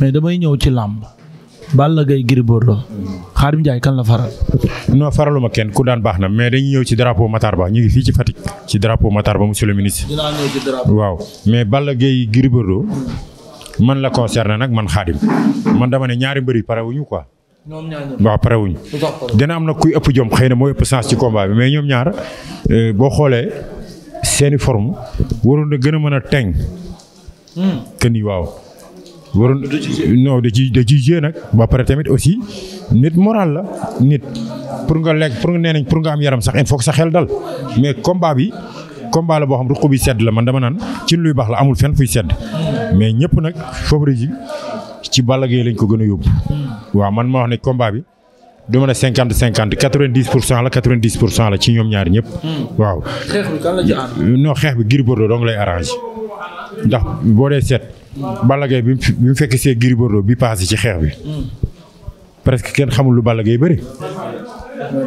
mais damay ñëw ci làmb Balla Gaye Gris Bordeaux Khadim Ndiaye kan la faral. non faraluma kenn ku daan baax na mais dañuy ñëw ci drapeau Matar Ba ñu ngi fii ci Fatick. ci drapeau Matar Ba monsieur le ministre. dinaa waaw mais Balla Gaye Gris Bordeaux man la concerné nag man Khadim man dama ne ñaari mbër yi pare wuñu ñoom ñaar waaw pare wuñu. am na kuy ëpp jom xëy na mooy ëpp chance ci combat bi mais ñoom ñaar euh, boo xoolee seeni forme waroon na gën a mën a teñ. Hmm. que ni waaw. waroon non da ciy da ciy jée nag ba pare tamit aussi nit moral la nit pour nga lekk pour nga nee nañ pour nga am yaram sax il faut que xel dal mais combat bi combat la boo xam ruq bi sedd la man dama naan ci luy baax la amul fenn fuy sedd mais ñëpp nag favori ji ci Balla Gaye lañ ko gën a yóbbu. waaw man moo wax ne combat bi du ma ne cinquante cinquante quatre vingt pour cent la quatre vingt dix la ci ñoom ñaar ñëpp. Hmm. waaw xeex bi kan la ci non xeex bi Gris lay arrangé. ndax boo dee seet. Balla Gaye bi mu fekk see Gris bi paase ci xeex bi. presque kenn xamul lu Balla Gaye bëri.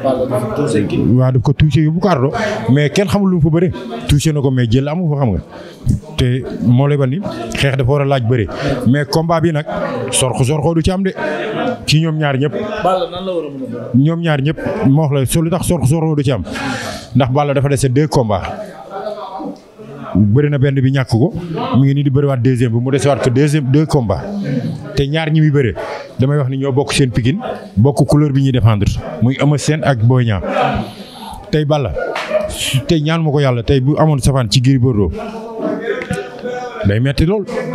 waaw daf ko touché yóbbu ko ardo mais kenn xamul lu mu fa bëri touché na ko mais jël amu fa xam nga te moo lay ban ni xeex dafa war a laaj bëri mais combat bi nag sor sor du ci am de ci ñoom ñaar ñëpp ñoom ñaar ñëpp moo wax la solu lu tax sorxo sorxo du ci am ndax Balla dafa dese deux combats bëri na benn bi ñàkk ko mu ngi nii di bëriwaat deuxième bu mu desewaat ko deuxième deux combats te ñaar ñi muy bëri damay wax ni ñoo bokk seen pikin bokk couleur bi ñuy défendre muy Eumeu seen ak Boy Niang tey Balla tey ñaan ma ko yàlla tey bu amoon safaan ci Gris Bordeaux day metti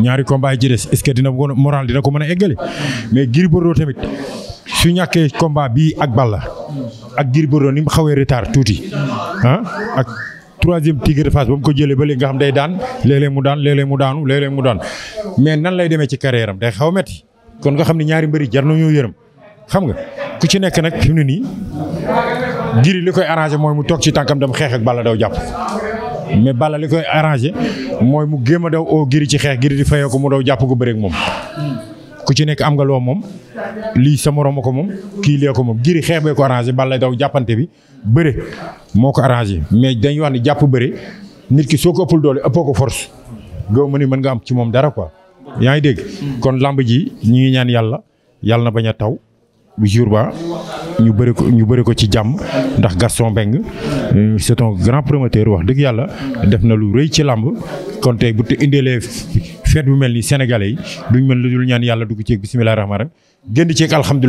ñaari combat yi ci des est-ce dina ko dina ko mën a eggale mais Gris Bordeaux tamit su ñàkkee combat bii ak Balla ak Gris Bordeaux ni mu xawee retard tuuti ah, ak. troisième Tigre de Fass ba mu ko jëlee ba léegi nga xam day daan léeg-léeg mu daan léeg-léeg mu daanu léeg-léeg mu daan mais nan lay demee ci carrière am day xaw a kon nga xam ne ñaari mbëri jar nañoo yërëm xam nga ku ci nekk nag fi mu ne nii Gris li koy arrangé mooy mu toog ci tànkam dem xeex ak Balla daw jàpp mais bala li koy arrangé mooy mu géem a daw oo Gris ci xeex Gris di fayoo ko mu daw jàpp ko bëreeg moom ku ci nekk am nga loo moom lii sa morom ko moom kii lee ko moom giri xeex bee ko arrangé bala daw jàppante bi bëre moo ko arrangé mais dañ wax ne jàpp bëre nit ki soo ko ëppul doole ëppoo ko force goo ma ni mën nga am ci moom dara quoi yaa ngi dégg kon làmb ji ñu ngi ñaan yàlla yàlla na bañ a taw bu jour ba ñu bëri ko ñu bëri ko ci jàmm ndax Gaston Mbengue euh, c'est un grand promoteur wax dëgg yàlla def na lu rëy ci làmb kon tey bu te indeelee feet bu mel ni sénégalais yi duñ mën lu yàlla dugg ceeg bisimilah rahmaani rahiim génn ceeg alhamdulilah.